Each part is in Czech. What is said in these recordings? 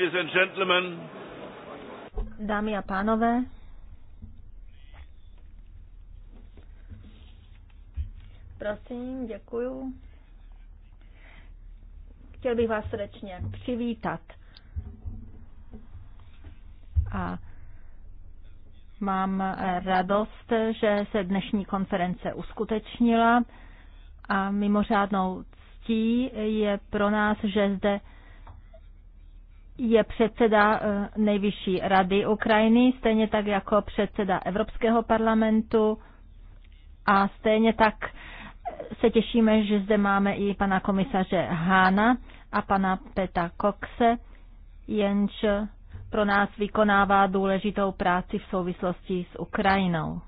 Ladies and gentlemen. Dámy a pánové. Prosím, děkuju. Chtěl bych vás srdečně přivítat. A mám radost, že se dnešní konference uskutečnila a mimořádnou ctí je pro nás, že zde je předseda eh, nejvyšší rady Ukrajiny, stejně tak jako předseda Evropského parlamentu a stejně tak se těšíme, že zde máme i pana komisaře Hána a pana Peta Kokse, jenž pro nás vykonává důležitou práci v souvislosti s Ukrajinou.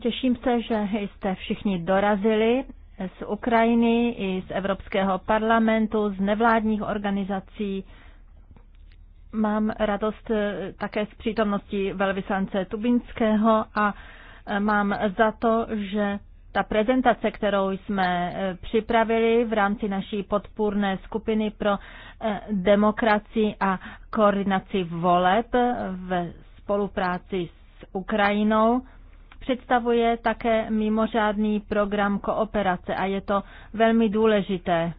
Těším se, že jste všichni dorazili z Ukrajiny i z Evropského parlamentu, z nevládních organizací. Mám radost eh, také z přítomnosti velvyslance Tubinského a eh, mám za to, že ta prezentace, kterou jsme eh, připravili v rámci naší podpůrné skupiny pro demokracii a koordinaci voleb ve spolupráci s Ukrajinou, představuje také mimořádný program kooperace a je to velmi důležité.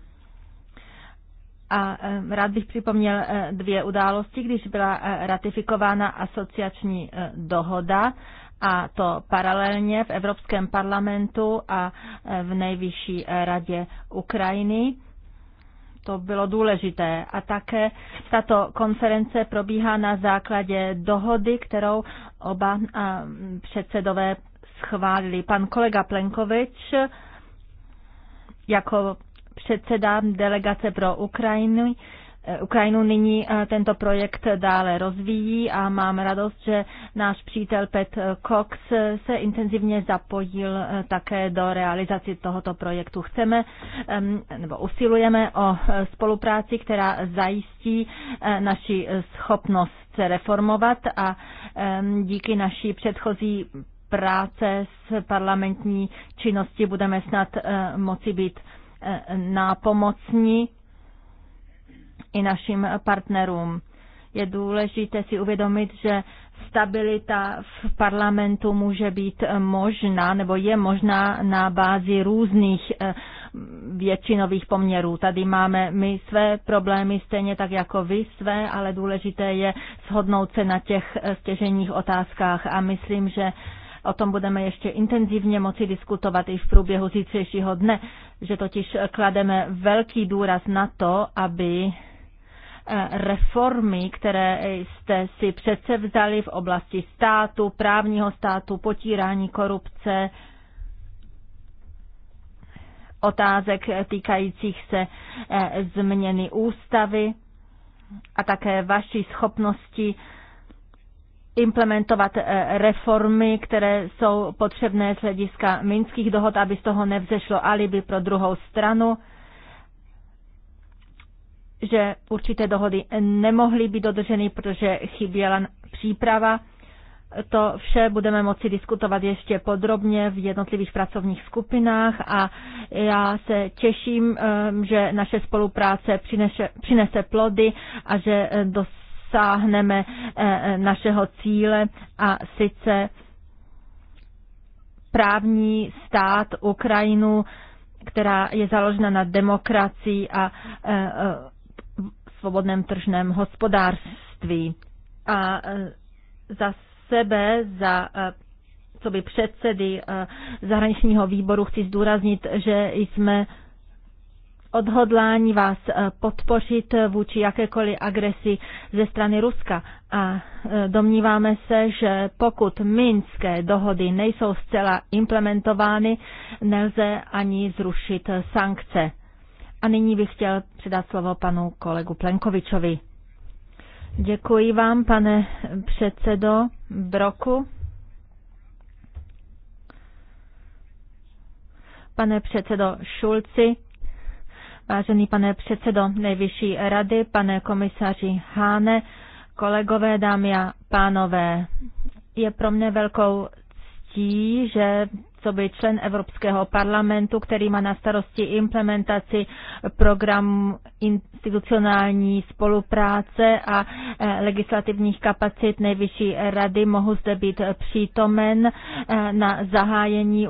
A eh, rád bych připomněl eh, dvě události, když byla eh, ratifikována asociační dohoda a to paralelně v Evropském parlamentu a v nejvyšší radě Ukrajiny to bylo důležité. A také tato konference probíhá na základě dohody, kterou oba předsedové schválili. Pan kolega Plenkovič jako předseda delegace pro Ukrajinu Ukrajinu. Nyní eh, tento projekt dále rozvíjí a mám radost, že náš přítel Pet Cox se intenzivně zapojil eh, také do realizaci tohoto projektu. Chceme nebo usilujeme o eh, spolupráci, která zajistí naši schopnost se reformovat a díky naší předchozí práce s parlamentní činnosti budeme snad moci být nápomocní i našim partnerům. Je důležité si uvědomit, že stabilita v parlamentu může být možná nebo je možná na bázi různých eh, většinových poměrů. Tady máme my své problémy stejně tak jako vy své, ale důležité je shodnout se na těch eh, stěženích otázkách a myslím, že O tom budeme ještě intenzivně moci diskutovat i v průběhu zítřejšího dne, že totiž klademe velký důraz na to, aby Eh, reformy, které jste si přece vzali v oblasti státu, právního státu, potírání korupce, otázek týkajících se eh, změny ústavy a také vaší schopnosti implementovat eh, reformy, které jsou potřebné z hlediska minských dohod, aby z toho nevzešlo alibi pro druhou stranu že určité dohody nemohly být dodrženy, protože chyběla příprava. To vše budeme moci diskutovat ještě podrobně v jednotlivých pracovních skupinách a já se těším, ehm, že naše spolupráce přinese, přinese plody a že dosáhneme eh, našeho cíle a sice právní stát Ukrajinu, která je založena na demokracii a eh, svobodném tržném hospodářství. A e, za sebe, za e, co by předsedy e, zahraničního výboru chci zdůraznit, že jsme odhodlání vás podpořit vůči jakékoliv agresi ze strany Ruska. A domníváme se, že pokud minské dohody nejsou zcela implementovány, nelze ani zrušit sankce. A nyní bych chtěl předat slovo panu kolegu Plenkovičovi. Děkuji vám, pane předsedo Broku. Pane předsedo Šulci, vážený pane předsedo Nejvyšší rady, pane komisaři Háne, kolegové, dámy a pánové, je pro mne velkou ctí, že co by člen Evropského parlamentu, který má na starosti implementaci programu institucionální spolupráce a eh, legislativních kapacit Nejvyšší rady. Mohu zde být přítomen eh, na zahájení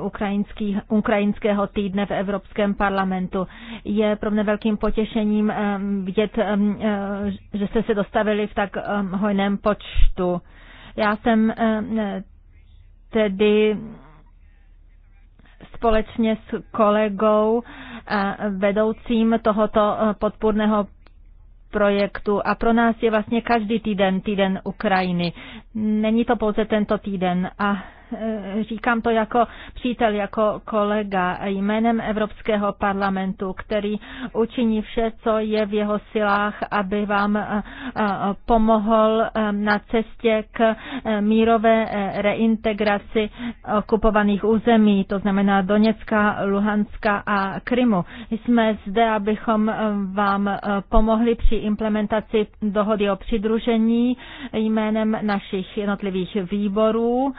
ukrajinského týdne v Evropském parlamentu. Je pro mě velkým potěšením eh, vidět, že jste se dostavili v tak hojném počtu. Já jsem tedy společně s kolegou eh, vedoucím tohoto eh, podpůrného projektu a pro nás je vlastně každý týden týden Ukrajiny. Není to pouze tento týden a Eh, říkám to jako přítel, jako kolega jménem Evropského parlamentu, který učiní vše, co je v jeho silách, aby vám eh, eh, pomohl na cestě k mírové reintegraci okupovaných území, to znamená Doněcka, Luhanska a Krymu. Jsme zde, abychom vám pomohli při implementaci dohody o přidružení jménem našich jednotlivých výborů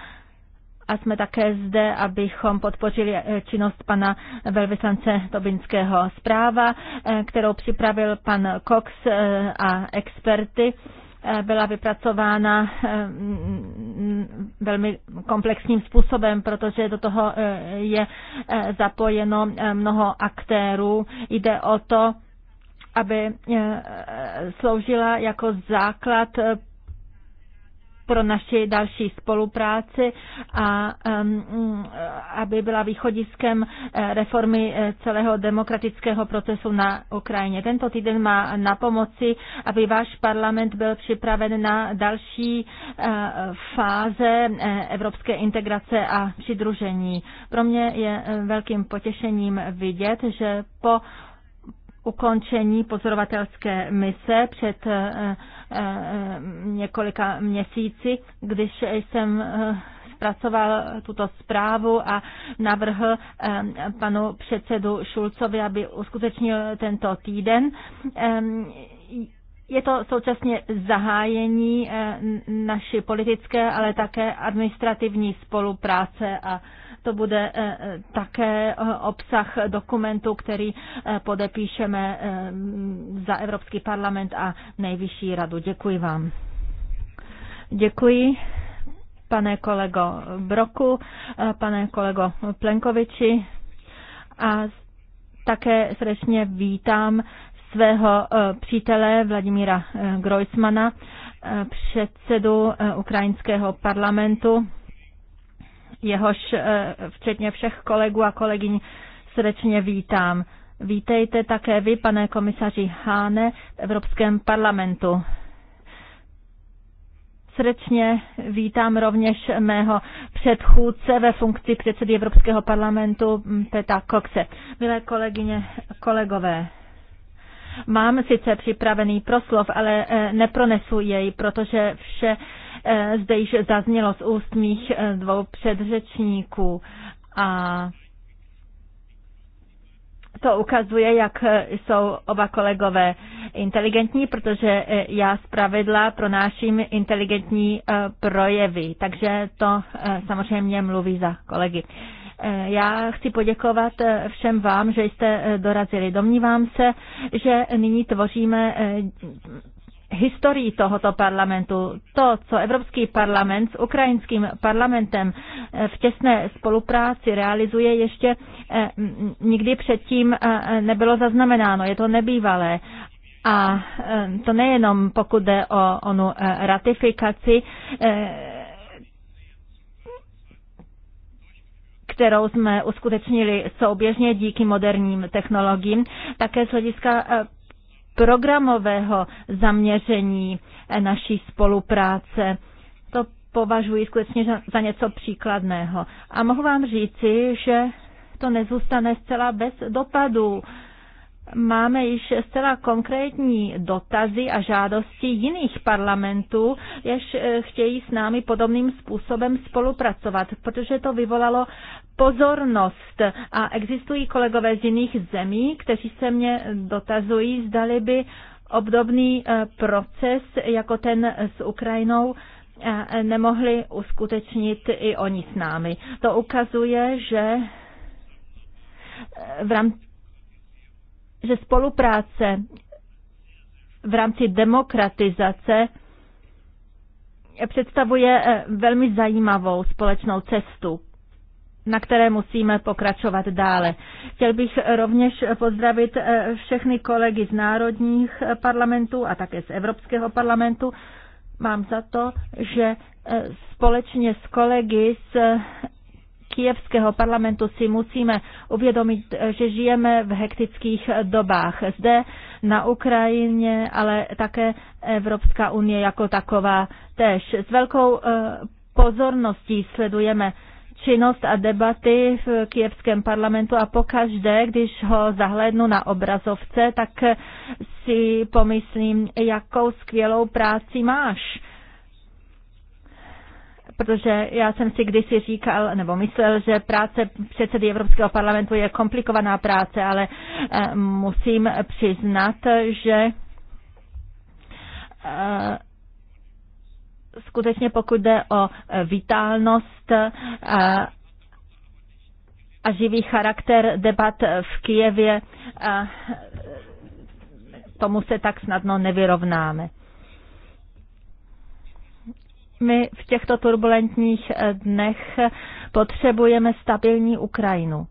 a jsme také zde, abychom podpořili eh, činnost pana velvyslance Tobinského zpráva, eh, kterou připravil pan Cox eh, a experty byla vypracována mm, velmi komplexním způsobem, protože do toho je zapojeno mnoho aktérů. Jde o to, aby sloužila jako základ pro naši další spolupráci a aby byla východiskem eh, reformy eh, celého demokratického procesu na Ukrajině. Tento týden má na pomoci, aby váš parlament byl připraven na další eh, fáze evropské integrace a přidružení. Pro mě je velkým potěšením vidět, že po ukončení pozorovatelské mise před eh, eh, několika měsíci, když jsem eh, zpracoval tuto zprávu a navrhl panu předsedu Šulcovi, aby uskutečnil tento týden. Je to současně zahájení naší politické, ale také administrativní spolupráce a to bude eh, eh, také eh, obsah dokumentu, který podepíšeme za Evropský parlament a Nejvyšší radu. Děkuji vám. Děkuji pane kolego Broku, pane kolego Plenkoviči a také srdečně vítám svého přítele Vladimíra Grojsmana, předsedu ukrajinského parlamentu jehož eh, včetně všech kolegů a kolegyň srdečně vítám. Vítejte také vy, pane komisaři Háne, v Evropském parlamentu. Srdečně vítám rovněž mého předchůdce ve funkci předsedy Evropského parlamentu mm, Peta Kokse. Milé kolegyně, kolegové, Mám sice připravený proslov, ale eh, nepronesu jej, protože vše Eh, zde již zaznělo z úst mých eh, dvou předřečníků. A to ukazuje, jak eh, jsou oba kolegové inteligentní, protože já pravidla pronáším inteligentní projevy, takže to samozřejmě mluví za kolegy. Já chci poděkovat všem vám, že jste dorazili. Domnívám se, že nyní tvoříme historii tohoto parlamentu. To, co Evropský parlament s ukrajinským parlamentem eh, v těsné spolupráci realizuje, ještě eh, nikdy předtím eh, nebylo zaznamenáno. Je to nebývalé. A to nejenom pokud jde o onu ratifikaci, kterou jsme uskutečnili souběžně díky moderním technologiím, také z hlediska programového zaměření eh, naší spolupráce. To považuji skutečně za něco příkladného. A mohu vám říci, že to nezůstane zcela bez dopadů máme již zcela konkrétní dotazy a žádosti jiných parlamentů, jež eh, chtějí s námi podobným způsobem spolupracovat, protože to vyvolalo pozornost a existují kolegové z jiných zemí, kteří se mě dotazují, zdali by obdobný eh, proces jako ten s Ukrajinou eh, nemohli uskutečnit i oni s námi. To ukazuje, že v rámci že spolupráce v rámci demokratizace představuje eh, velmi zajímavou společnou cestu na které musíme pokračovat dále. Chtěl bych rovněž pozdravit eh, všechny kolegy z národních eh, parlamentů a také z Evropského parlamentu. Mám za to, že společně s kolegy z kijevského parlamentu si musíme uvědomit, že žijeme v hektických dobách. Zde na Ukrajině, ale také Evropská unie jako taková tež. S velkou eh, pozorností sledujeme činnost a debaty v kijevském parlamentu a pokaždé, když ho zahlednu na obrazovce, tak si pomyslím, jakou skvělou práci máš protože já jsem si kdysi říkal nebo myslel, že práce předsedy Evropského parlamentu je komplikovaná práce, ale eh, musím přiznat, že eh, skutečně pokud jde o eh, vitálnost a živý charakter debat v Kijevě, tomu se tak snadno nevyrovnáme. My v těchto turbulentních eh, dnech potřebujeme stabilní Ukrajinu.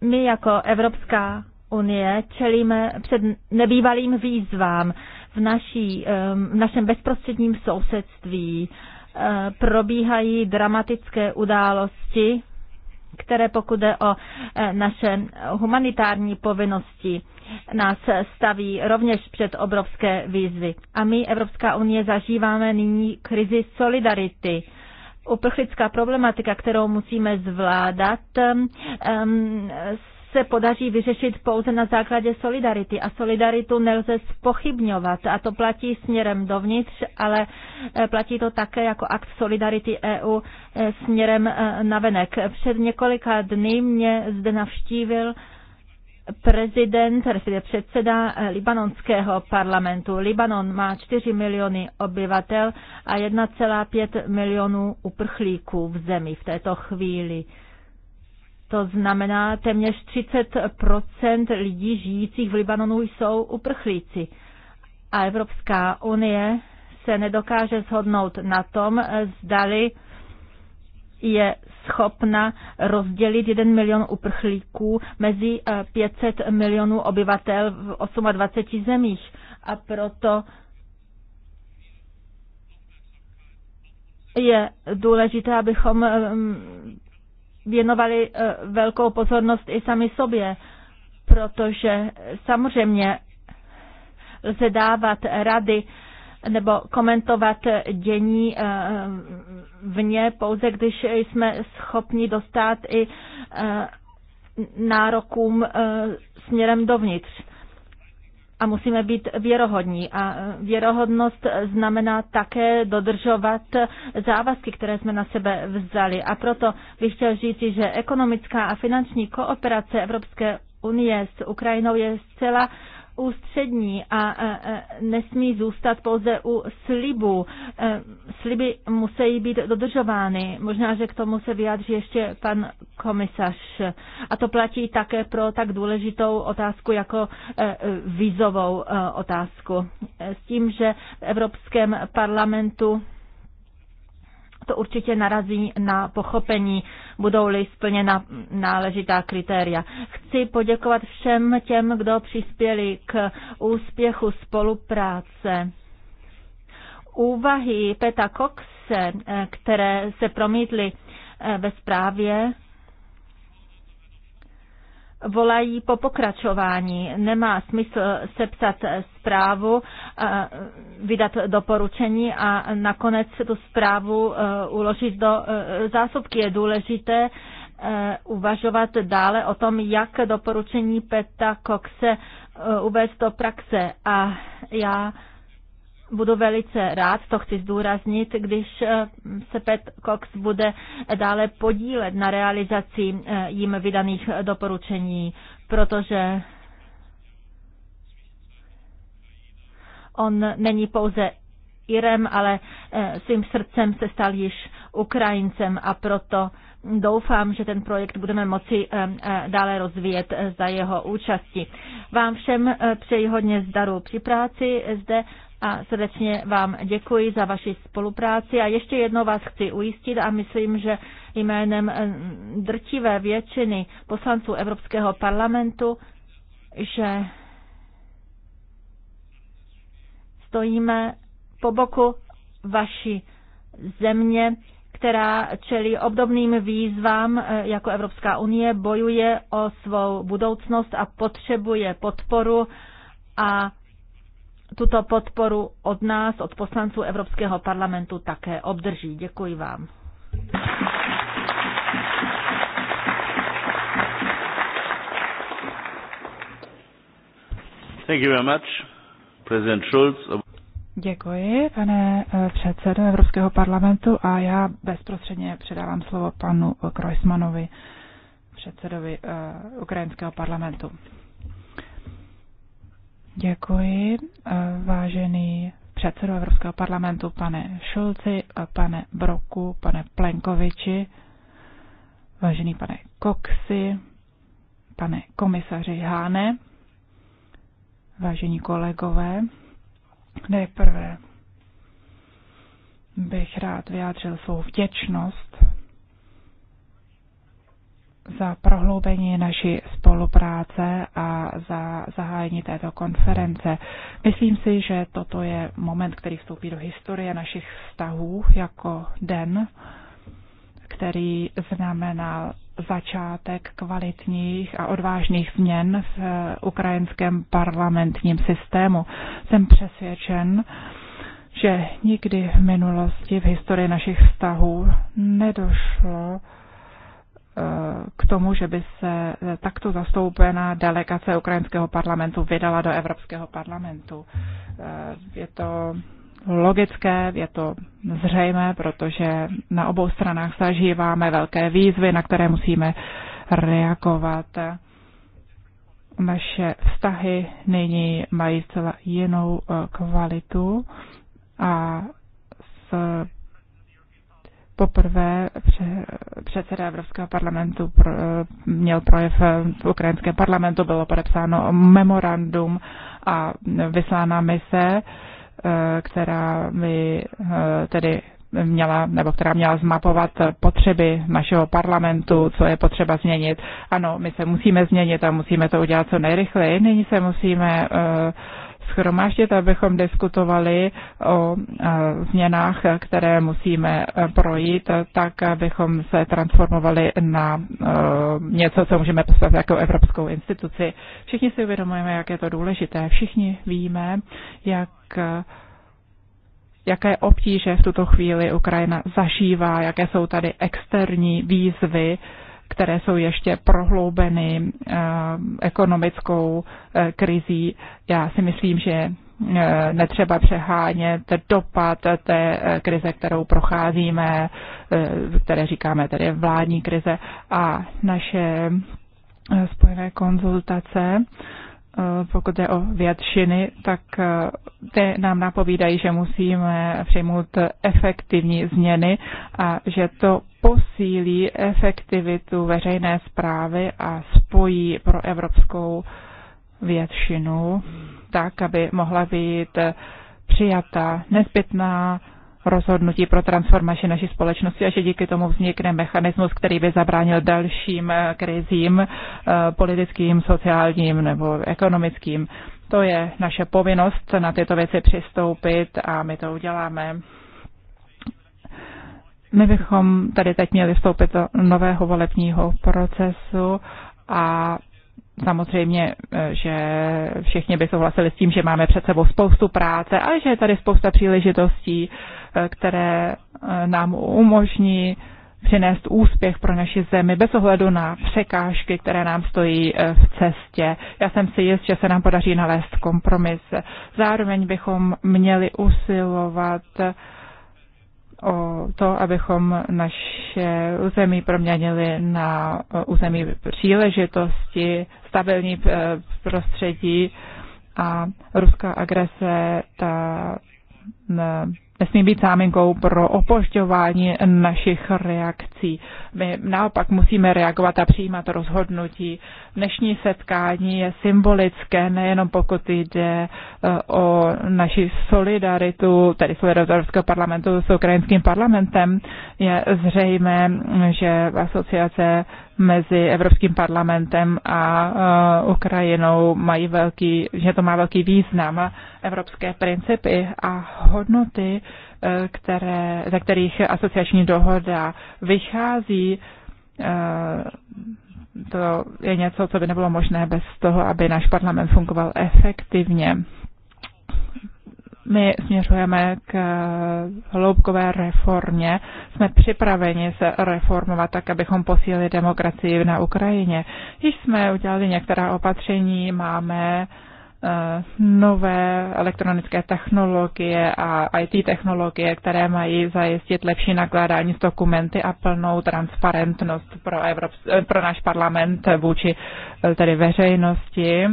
My jako Evropská unie čelíme před nebývalým výzvám v, naší, ehm, v našem bezprostředním sousedství. Eh, probíhají dramatické události, které pokud jde o eh, naše humanitární povinnosti, nás staví rovněž před obrovské výzvy. A my, Evropská unie, zažíváme nyní krizi solidarity. Uprchlická problematika, kterou musíme zvládat, se podaří vyřešit pouze na základě solidarity. A solidaritu nelze spochybňovat. A to platí směrem dovnitř, ale eh, platí to také jako akt solidarity EU eh, směrem eh, navenek. Před několika dny mě zde navštívil prezident, respektive předseda libanonského parlamentu. Libanon má 4 miliony obyvatel a 1,5 milionů uprchlíků v zemi v této chvíli. To znamená, téměř 30 lidí žijících v Libanonu jsou uprchlíci. A Evropská unie se nedokáže shodnout na tom, zdali je schopna rozdělit 1 milion uprchlíků mezi 500 eh, milionů obyvatel v 28 zemích. A proto je důležité, abychom eh, věnovali eh, velkou pozornost i sami sobě, protože samozřejmě lze dávat rady nebo komentovat dění eh, vně pouze, když jsme schopni dostat i eh, nárokům směrem dovnitř a musíme být věrohodní. A e, věrohodnost znamená také dodržovat závazky, které jsme na sebe vzali. A proto bych chtěl říci, že ekonomická a finanční kooperace Evropské unie s Ukrajinou je zcela uh, ústřední a nesmí zůstat pouze u slibu. E, sliby musí být dodržovány. Možná, že k tomu se vyjádří ještě pan komisař. A to platí také pro tak důležitou otázku jako e, vízovou e, otázku. S tím, že v Evropském parlamentu to určitě narazí na pochopení, budou-li splněna náležitá kritéria. Chci poděkovat všem těm, kdo přispěli k úspěchu spolupráce. Úvahy Peta Coxe, eh, které se promítly eh, ve zprávě, volají po pokračování. Nemá smysl sepsat zprávu, eh, vydat doporučení a nakonec tu zprávu eh, uložit do eh, zásobky. Je důležité uvažovat dále o tom, jak doporučení Peta Coxe uvést do praxe. A já budu velice rád, to chci zdůraznit, když eh, se Pet Cox bude dále podílet na realizaci eh, jim vydaných eh, doporučení, protože on není pouze Irem, ale svým srdcem se stal již Ukrajincem a proto doufám, že ten projekt budeme moci dále rozvíjet za jeho účasti. Vám všem přeji hodně zdaru při práci zde a srdečně vám děkuji za vaši spolupráci a ještě jednou vás chci ujistit a myslím, že jménem eh, drtivé většiny poslanců Evropského parlamentu, že stojíme po boku vaší země, která čelí obdobným výzvám eh, jako Evropská unie, bojuje o svou budoucnost a potřebuje podporu a tuto podporu od nás, od poslanců Evropského parlamentu také obdrží. Děkuji vám. Thank you very much, President Schulz. Děkuji, pane eh, předsedo Evropského parlamentu a já bezprostředně předávám slovo panu Krojsmanovi, předsedovi eh, Ukrajinského parlamentu. Děkuji, eh, vážený předsedo Evropského parlamentu, pane Šulci, eh, pane Broku, pane Plenkoviči, vážený pane Koxi, pane komisaři Háne, vážení kolegové. Nejprve bych rád vyjádřil svou vděčnost za prohloubení naší spolupráce a za zahájení této konference. Myslím si, že toto je moment, který vstoupí do historie našich vztahů jako den, který znamenal začátek kvalitních a odvážných změn v ukrajinském parlamentním systému. Jsem přesvědčen, že nikdy v minulosti v historii našich vztahů nedošlo k tomu, že by se takto zastoupená delegace ukrajinského parlamentu vydala do Evropského parlamentu. Eh, je to logické, je to zřejmé, protože na obou stranách zažíváme velké výzvy, na které musíme reagovat. Naše vztahy nyní mají zcela jinou eh, kvalitu a s poprvé předseda Evropského parlamentu měl projev v ukrajinském parlamentu, bylo podepsáno memorandum a vyslána mise, eh, která by eh, tedy měla, nebo která měla zmapovat potřeby našeho parlamentu, co je potřeba změnit. Ano, my se musíme změnit a musíme to udělat co nejrychleji. Nyní se musíme uh, schromáždit, abychom diskutovali o e, změnách, které musíme e, projít, tak abychom se transformovali na e, něco, co můžeme postavit jako evropskou instituci. Všichni si uvědomujeme, jak je to důležité. Všichni víme, jak jaké obtíže v tuto chvíli Ukrajina zažívá, jaké jsou tady externí výzvy, které jsou ještě prohloubeny eh, ekonomickou eh, krizí. Já si myslím, že eh, netřeba přehánět dopad té krize, kterou procházíme, které říkáme tedy vládní krize a naše spojené konzultace Eh, pokud jde o většiny, tak eh, ty nám napovídají, že musíme přijmout efektivní změny a že to posílí efektivitu veřejné zprávy a spojí pro evropskou většinu tak, aby mohla být přijata nezbytná rozhodnutí pro transformaci naší společnosti a že díky tomu vznikne mechanismus, který by zabránil dalším eh, krizím eh, politickým, sociálním nebo ekonomickým. To je naše povinnost na tyto věci přistoupit a my to uděláme. My bychom tady teď měli vstoupit do nového volebního procesu a Samozřejmě, eh, že všichni by souhlasili s tím, že máme před sebou spoustu práce a že je tady spousta příležitostí, eh, které eh, nám umožní přinést úspěch pro naši zemi bez ohledu na překážky, které nám stojí v cestě. Já jsem si jist, že se nám podaří nalézt kompromis. Zároveň bychom měli usilovat o to, abychom naše území proměnili na e, území příležitosti, stabilní e, prostředí a ruská agrese ta e, nesmí být záminkou pro opožďování našich reakcí. My naopak musíme reagovat a přijímat rozhodnutí. Dnešní setkání je symbolické, nejenom pokud jde e, o naši solidaritu, tedy solidaritu Evropského parlamentu s ukrajinským parlamentem. Je zřejmé, že asociace mezi Evropským parlamentem a eh, Ukrajinou mají velký, že to má velký význam. Evropské principy a hodnoty, eh, které, ze kterých asociační dohoda vychází, eh, to je něco, co by nebylo možné bez toho, aby náš parlament fungoval efektivně my směřujeme k eh, hloubkové reformě. Jsme připraveni se reformovat tak, abychom posílili demokracii na Ukrajině. Již jsme udělali některá opatření, máme eh, nové elektronické technologie a IT technologie, které mají zajistit lepší nakládání s dokumenty a plnou transparentnost pro, Evrop, eh, pro náš parlament vůči tedy veřejnosti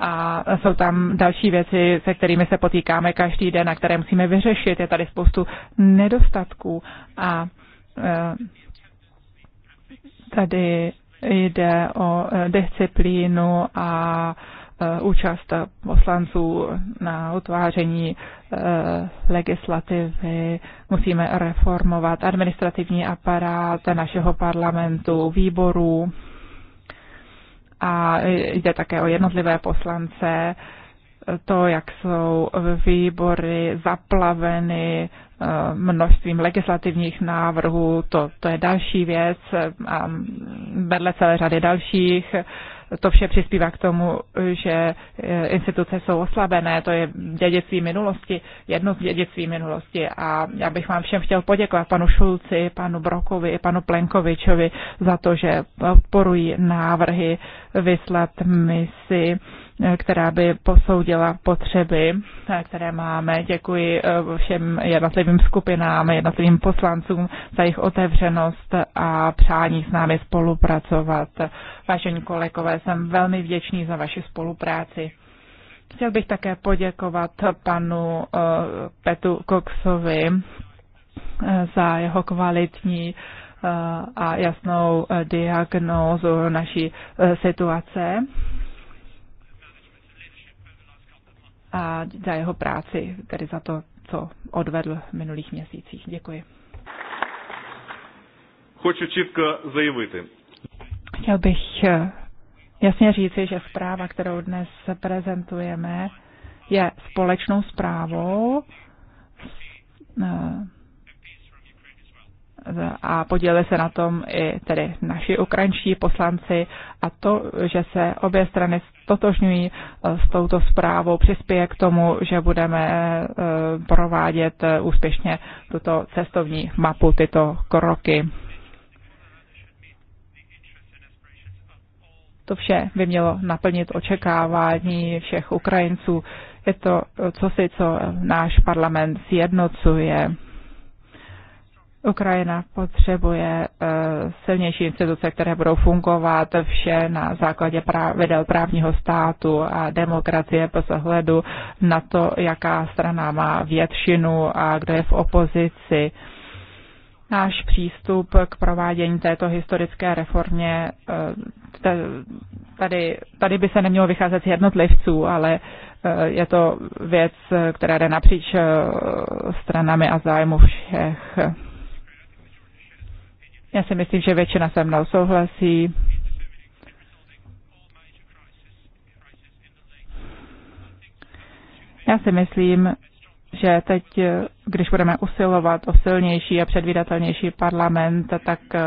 a jsou tam další věci, se kterými se potýkáme každý den a které musíme vyřešit. Je tady spoustu nedostatků a e, tady jde o e, disciplínu a e, účast poslanců na utváření legislativy, musíme reformovat administrativní aparát našeho parlamentu, výborů a jde také o jednotlivé poslance, to, jak jsou výbory zaplaveny eh, množstvím legislativních návrhů, to, to je další věc eh, a vedle celé řady dalších to vše přispívá k tomu, že e, instituce jsou oslabené, to je dědictví minulosti, jedno z dědictví minulosti a já bych vám všem chtěl poděkovat panu Šulci, panu Brokovi i panu Plenkovičovi za to, že podporují návrhy vyslat misi která by posoudila potřeby, které máme. Děkuji eh, všem jednotlivým skupinám, jednotlivým poslancům za jejich otevřenost a přání s námi spolupracovat. Vážení kolegové, jsem velmi vděčný za vaši spolupráci. Chtěl bych také poděkovat panu eh, Petu Coxovi eh, za jeho kvalitní a jasnou diagnózu naší situace a za jeho práci, tedy za to, co odvedl v minulých měsících. Děkuji. Хочу чітко заявити. Chtěl bych eh, jasně říci, že zpráva, kterou dnes prezentujeme, je společnou zprávou eh, a podíleli se na tom i tedy naši ukrajinští poslanci a to, že se obě strany stotožňují eh, s touto zprávou, přispěje k tomu, že budeme eh, provádět eh, úspěšně tuto cestovní mapu, tyto kroky. To vše by mělo naplnit očekávání všech Ukrajinců. Je to cosi, co náš parlament sjednocuje. Ukrajina potřebuje eh, silnější instituce, které budou fungovat vše na základě pravidel právního státu a demokracie bez ohledu na to, jaká strana má většinu a kdo je v opozici. Náš přístup k provádění této historické reformě, eh, tady, tady by se nemělo vycházet z jednotlivců, ale eh, je to věc, která jde napříč stranami a zájmu všech. Já si myslím, že většina se mnou souhlasí. Já si myslím, že teď, když budeme usilovat o silnější a předvídatelnější parlament, tak eh,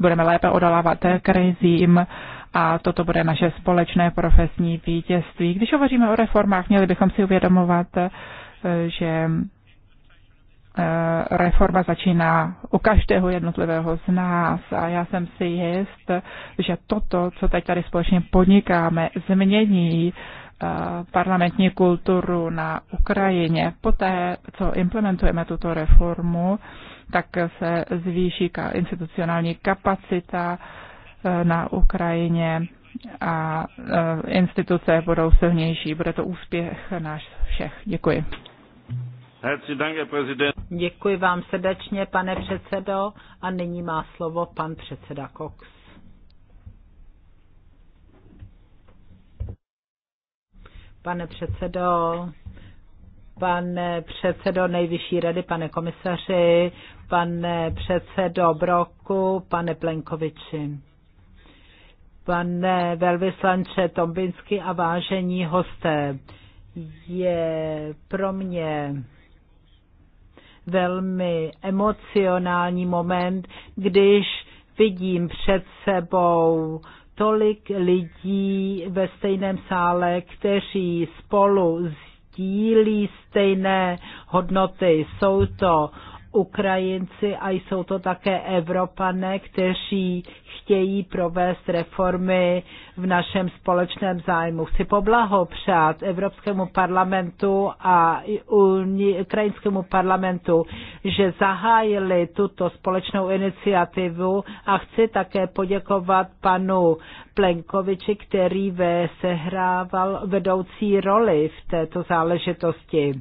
budeme lépe odolávat krizím a toto bude naše společné profesní vítězství. Když hovoříme o reformách, měli bychom si uvědomovat, eh, že Eh, reforma začíná u každého jednotlivého z nás a já jsem si jist, že toto, co teď tady společně podnikáme, změní eh, parlamentní kulturu na Ukrajině. Poté, co implementujeme tuto reformu, tak se zvýší institucionální kapacita eh, na Ukrajině a instituce budou silnější. Bude to úspěch náš všech. Děkuji. Děkuji vám srdečně, pane předsedo. A nyní má slovo pan předseda Cox. Pane předsedo, pane předsedo Nejvyšší rady, pane komisaři, pane předsedo Broku, pane Plenkoviči, pane velvyslanče Tombinsky a vážení hosté. Je pro mě velmi emocionální moment, když vidím před sebou tolik lidí ve stejném sále, kteří spolu sdílí stejné hodnoty. Jsou to Ukrajinci a jsou to také Evropané, kteří chtějí provést reformy v našem společném zájmu. Chci poblahopřát Evropskému parlamentu a Ukrajinskému parlamentu, že zahájili tuto společnou iniciativu a chci také poděkovat panu Plenkoviči, který ve sehrával vedoucí roli v této záležitosti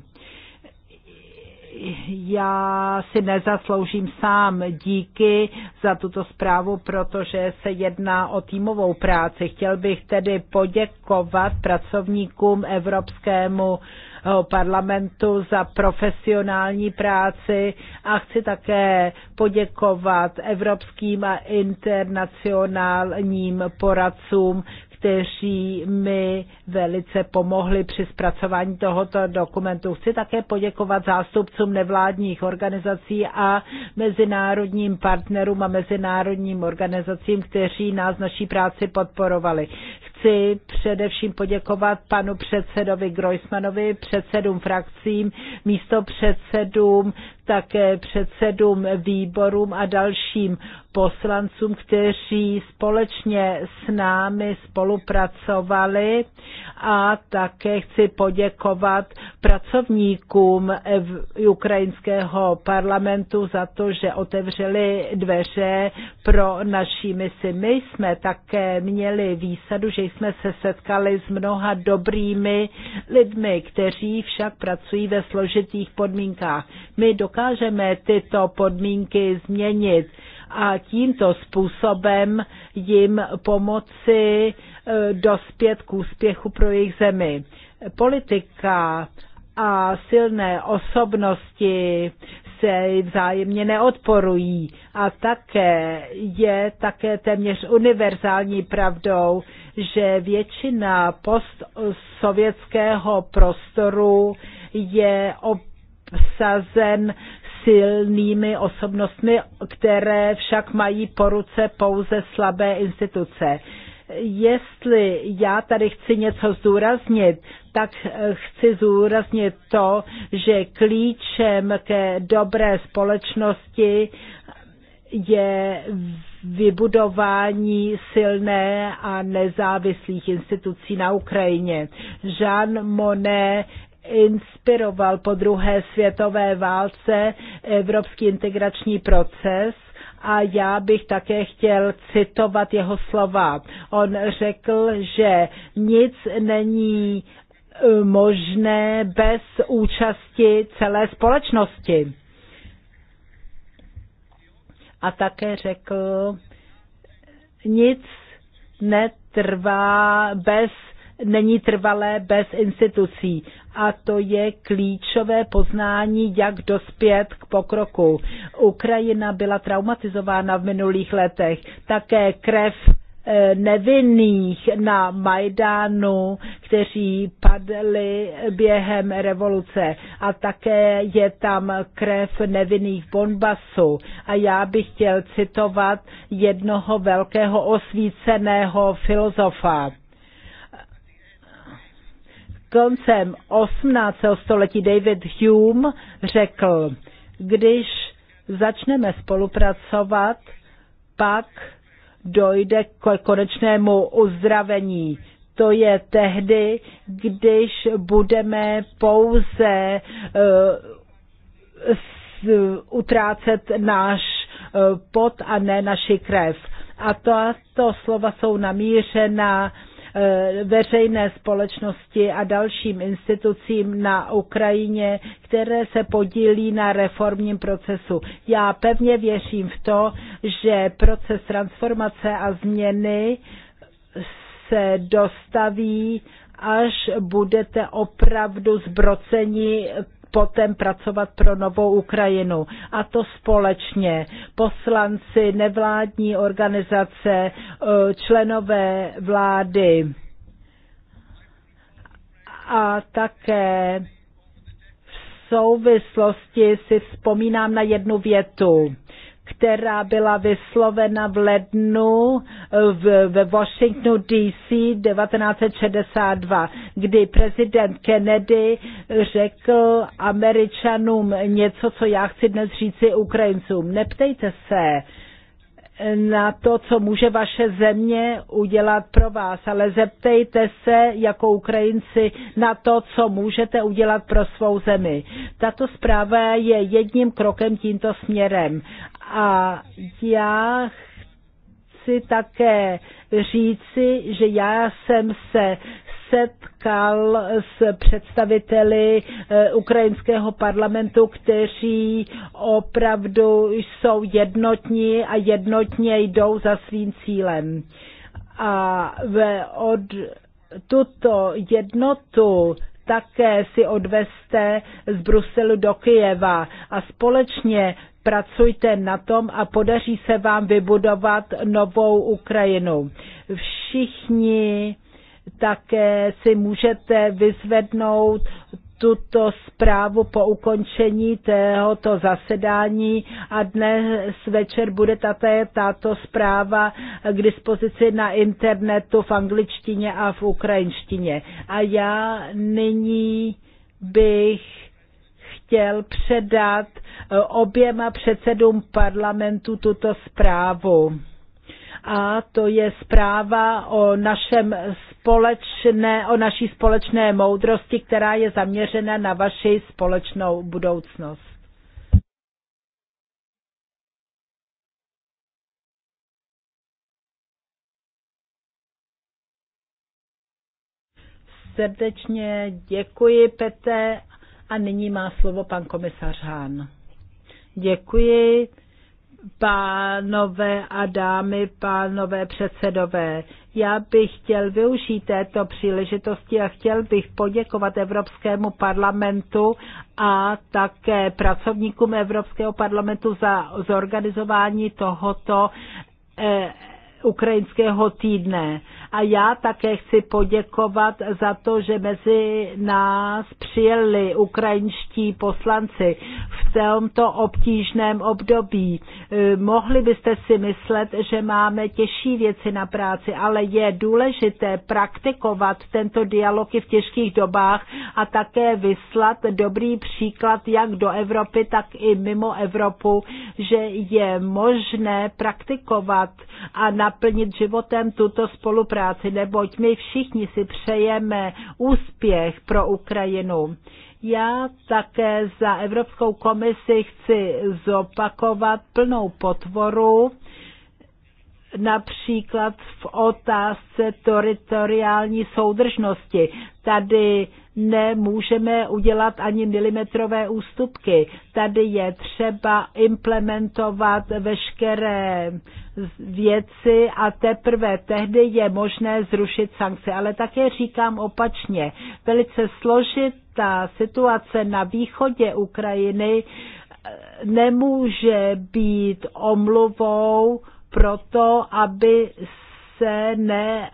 já si nezasloužím sám díky za tuto zprávu, protože se jedná o týmovou práci. Chtěl bych tedy poděkovat pracovníkům Evropskému eh, parlamentu za profesionální práci a chci také poděkovat evropským a internacionálním poradcům, kteří mi velice pomohli při zpracování tohoto dokumentu. Chci také poděkovat zástupcům nevládních organizací a mezinárodním partnerům a mezinárodním organizacím, kteří nás naší práci podporovali. Chci především poděkovat panu předsedovi Grojsmanovi, předsedům frakcím, místo předsedům také předsedům výborům a dalším poslancům, kteří společně s námi spolupracovali a také chci poděkovat pracovníkům ukrajinského parlamentu za to, že otevřeli dveře pro naší misi. My jsme také měli výsadu, že jsme se setkali s mnoha dobrými lidmi, kteří však pracují ve složitých podmínkách. My dokážeme dokážeme tyto podmínky změnit a tímto způsobem jim pomoci e, dospět k úspěchu pro jejich zemi. Politika a silné osobnosti se vzájemně neodporují a také je také téměř univerzální pravdou, že většina postsovětského prostoru je ob obsazen silnými osobnostmi, které však mají po ruce pouze slabé instituce. Jestli já tady chci něco zdůraznit, tak eh, chci zdůraznit to, že klíčem ke dobré společnosti je vybudování silné a nezávislých institucí na Ukrajině. Jean Monnet inspiroval po druhé světové válce evropský integrační proces a já bych také chtěl citovat jeho slova. On řekl, že nic není e, možné bez účasti celé společnosti. A také řekl, nic netrvá bez není trvalé bez institucí. A to je klíčové poznání, jak dospět k pokroku. Ukrajina byla traumatizována v minulých letech. Také krev eh, nevinných na Majdánu, kteří padli během revoluce. A také je tam krev nevinných v Bonbasu. A já bych chtěl citovat jednoho velkého osvíceného filozofa koncem 18. století David Hume řekl, když začneme spolupracovat, pak dojde k konečnému uzdravení. To je tehdy, když budeme pouze uh, utrácet náš uh, pot a ne naši krev. A to slova jsou namířena Eh, veřejné společnosti a dalším institucím na Ukrajině, které se podílí na reformním procesu. Já pevně věřím v to, že proces transformace a změny se dostaví až budete opravdu zbroceni potom pracovat pro novou Ukrajinu. A to společně. Poslanci, nevládní organizace, eh, členové vlády a také v souvislosti si vzpomínám na jednu větu která byla vyslovena v lednu v, ve Washingtonu DC 1962, kdy prezident Kennedy řekl američanům něco, co já chci dnes říci Ukrajincům. Neptejte se, na to, co může vaše země udělat pro vás, ale zeptejte se jako Ukrajinci na to, co můžete udělat pro svou zemi. Tato zpráva je jedním krokem tímto směrem a já chci také říci, že já jsem se setkal s představiteli eh, ukrajinského parlamentu, kteří opravdu jsou jednotní a jednotně jdou za svým cílem. A ve od tuto jednotu také si odveste z Bruselu do Kyjeva a společně pracujte na tom a podaří se vám vybudovat novou Ukrajinu. Všichni také si můžete vyzvednout tuto zprávu po ukončení tohoto zasedání a dnes večer bude tato, tato zpráva k dispozici na internetu v angličtině a v ukrajinštině. A já nyní bych chtěl předat eh, oběma předsedům parlamentu tuto zprávu. A to je zpráva o, našem společné, o naší společné moudrosti, která je zaměřena na vaši společnou budoucnost. srdečně děkuji, Pete, a nyní má slovo pan komisař Hán. Děkuji, pánové a dámy, pánové předsedové. Já bych chtěl využít této příležitosti a chtěl bych poděkovat Evropskému parlamentu a také pracovníkům Evropského parlamentu za zorganizování tohoto eh, ukrajinského týdne a já také chci poděkovat za to, že mezi nás přijeli ukrajinští poslanci v tomto obtížném období. Eh, mohli byste si myslet, že máme těžší věci na práci, ale je důležité praktikovat tento dialog i v těžkých dobách a také vyslat dobrý příklad jak do Evropy, tak i mimo Evropu, že je možné praktikovat a naplnit životem tuto spolupráci spolupráci, neboť my všichni si přejeme úspěch pro Ukrajinu. Já také za Evropskou komisi chci zopakovat plnou potvoru například v otázce teritoriální soudržnosti. Tady nemůžeme udělat ani milimetrové ústupky. Tady je třeba implementovat veškeré věci a teprve tehdy je možné zrušit sankce. Ale také říkám opačně, velice složitá situace na východě Ukrajiny nemůže být omluvou proto, aby se ne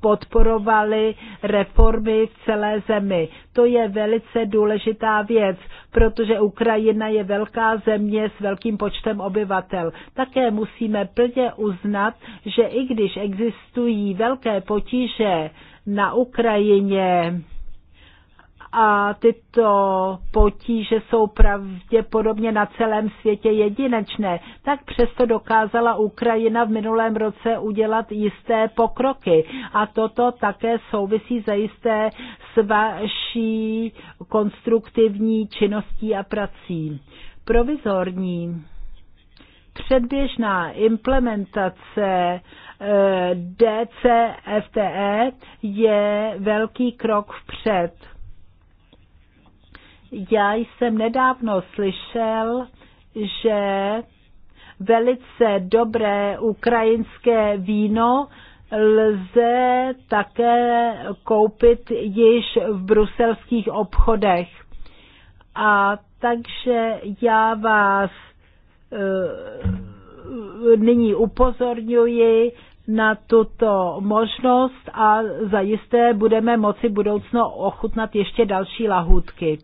podporovali reformy v celé zemi. To je velice důležitá věc, protože Ukrajina je velká země s velkým počtem obyvatel. Také musíme plně uznat, že i když existují velké potíže na Ukrajině, a tyto potíže jsou pravděpodobně na celém světě jedinečné, tak přesto dokázala Ukrajina v minulém roce udělat jisté pokroky. A toto také souvisí zajisté s vaší konstruktivní činností a prací. Provizorní předběžná implementace eh, DCFTE je velký krok vpřed já jsem nedávno slyšel, že velice dobré ukrajinské víno lze také koupit již v bruselských obchodech. A takže já vás e, nyní upozorňuji na tuto možnost a zajisté budeme moci budoucno ochutnat ještě další lahůdky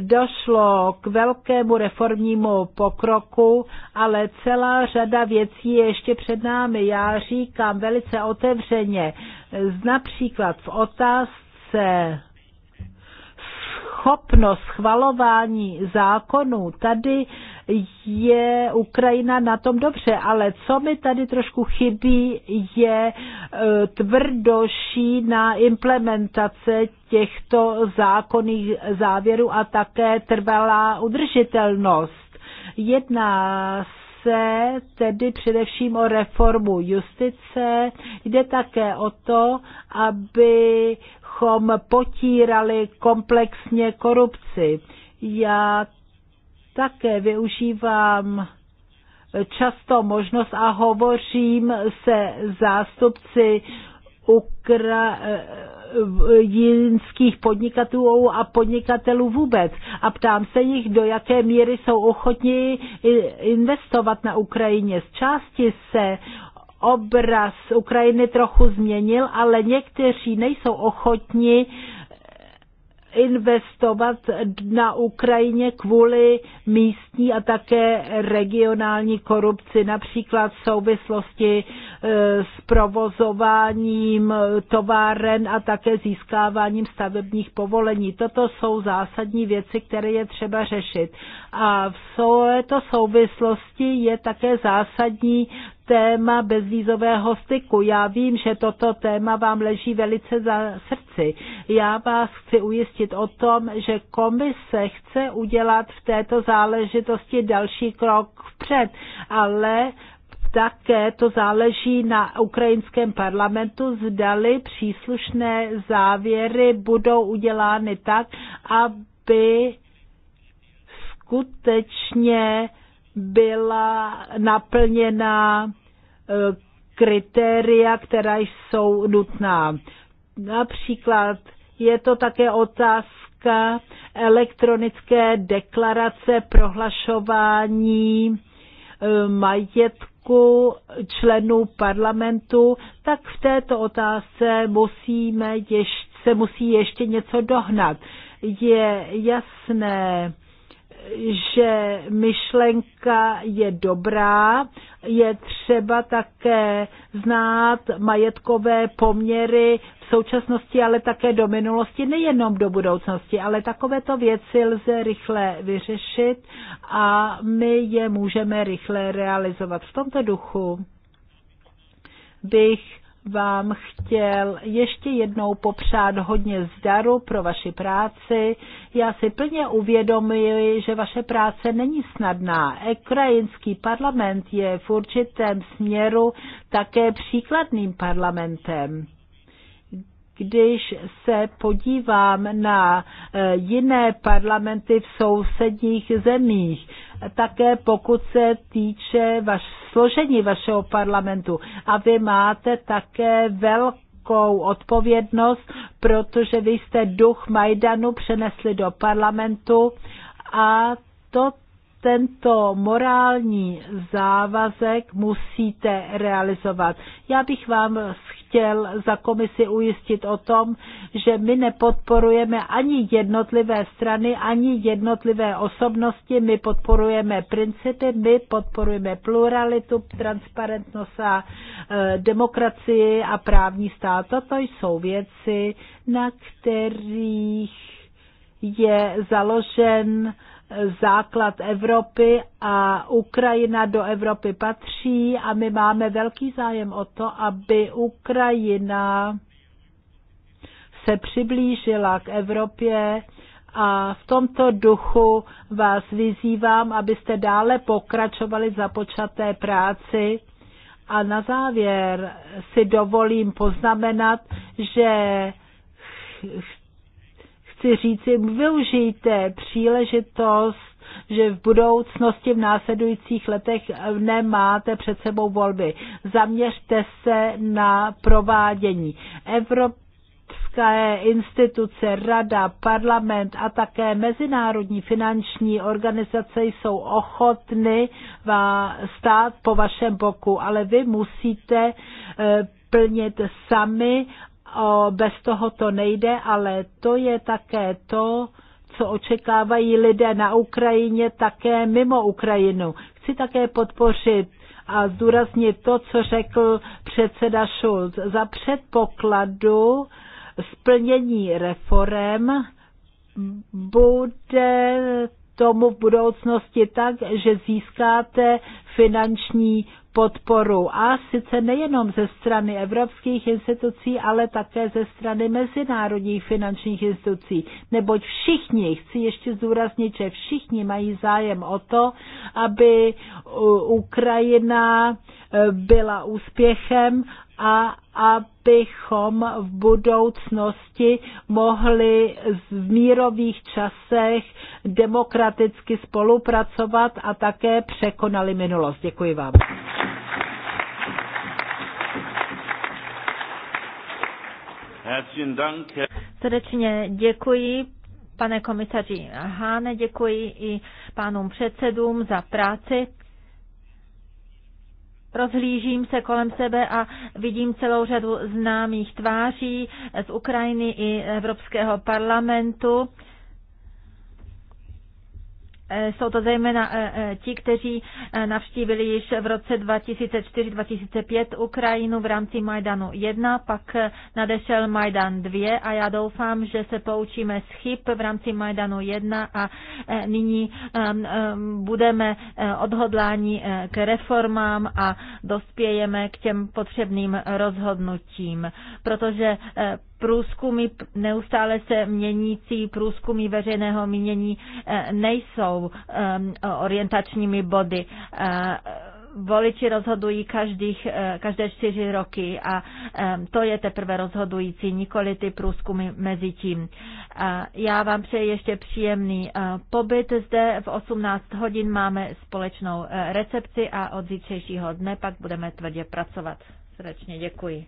došlo k velkému reformnímu pokroku, ale celá řada věcí je ještě před námi. Já říkám velice otevřeně, například v otázce schopnost schvalování zákonů, tady je Ukrajina na tom dobře, ale co mi tady trošku chybí, je e, tvrdoší na implementace těchto zákonných závěrů a také trvalá udržitelnost. Jedná se tedy především o reformu justice. Jde také o to, aby abychom potírali komplexně korupci. Já také využívám často možnost a hovořím se zástupci ukrajinských podnikatelů a podnikatelů vůbec. A ptám se jich, do jaké míry jsou ochotní investovat na Ukrajině. Z části se obraz Ukrajiny trochu změnil, ale někteří nejsou ochotni investovat na Ukrajině kvůli místní a také regionální korupci, například v souvislosti e, s provozováním továren a také získáváním stavebních povolení. Toto jsou zásadní věci, které je třeba řešit. A v této souvislosti je také zásadní téma bezvízového styku. Já vím, že toto téma vám leží velice za srdci. Já vás chci ujistit o tom, že komise chce udělat v této záležitosti další krok vpřed, ale také to záleží na ukrajinském parlamentu, zdali příslušné závěry budou udělány tak, aby skutečně byla naplněna e, kritéria, která jsou nutná. Například je to také otázka elektronické deklarace prohlašování e, majetku členů parlamentu, tak v této otázce musíme ještě, se musí ještě něco dohnat. Je jasné, že myšlenka je dobrá, je třeba také znát majetkové poměry v současnosti, ale také do minulosti, nejenom do budoucnosti, ale takovéto věci lze rychle vyřešit a my je můžeme rychle realizovat. V tomto duchu bych vám chtěl ještě jednou popřát hodně zdaru pro vaši práci. Já si plně uvědomuji, že vaše práce není snadná. Ukrajinský parlament je v určitém směru také příkladným parlamentem když se podívám na eh, jiné parlamenty v sousedních zemích, také pokud se týče vaš, složení vašeho parlamentu. A vy máte také velkou odpovědnost, protože vy jste duch Majdanu přenesli do parlamentu a to tento morální závazek musíte realizovat. Já bych vám chtěl za komisi ujistit o tom, že my nepodporujeme ani jednotlivé strany, ani jednotlivé osobnosti, my podporujeme principy, my podporujeme pluralitu, transparentnost a e, demokracii a právní stát. Toto jsou věci, na kterých je založen e, základ Evropy a Ukrajina do Evropy patří a my máme velký zájem o to, aby Ukrajina se přiblížila k Evropě a v tomto duchu vás vyzývám, abyste dále pokračovali započaté práci. A na závěr si dovolím poznamenat, že chci říci, využijte příležitost, že v budoucnosti v následujících letech nemáte před sebou volby. Zaměřte se na provádění. Evropa instituce, rada, parlament a také mezinárodní finanční organizace jsou ochotny stát po vašem boku, ale vy musíte eh, plnit sami bez toho to nejde, ale to je také to, co očekávají lidé na Ukrajině, také mimo Ukrajinu. Chci také podpořit a zdůraznit to, co řekl předseda Schulz. Za předpokladu splnění reform bude tomu v budoucnosti tak, že získáte finanční podporu a sice nejenom ze strany evropských institucí, ale také ze strany mezinárodních finančních institucí, neboť všichni, chci ještě zdůraznit, že všichni mají zájem o to, aby Ukrajina eh, byla úspěchem a abychom v budoucnosti mohli v mírových časech demokraticky spolupracovat a také překonali minulost. Děkuji vám. Srdečně děkuji, pane komisaři Háne, děkuji i pánům předsedům za práci. Rozhlížím se kolem sebe a vidím celou řadu známých tváří z Ukrajiny i Evropského parlamentu. Eh, jsou to zejména eh, eh, ti, kteří navštívili již v roce 2004-2005 Ukrajinu v rámci Majdanu 1, pak nadešel Majdan 2 a já doufám, že se poučíme z chyb v rámci Majdanu 1 a nyní ehm, ehm, budeme odhodláni k reformám a dospějeme k těm potřebným rozhodnutím, protože průzkumy, neustále se měnící průzkumy veřejného mínění eh, nejsou eh, orientačními body eh, voliči rozhodují každých, každé čtyři roky a to je teprve rozhodující, nikoli ty průzkumy mezi tím. Já vám přeji ještě příjemný pobyt. Zde v 18 hodin máme společnou recepci a od zítřejšího dne pak budeme tvrdě pracovat. Srdečně děkuji.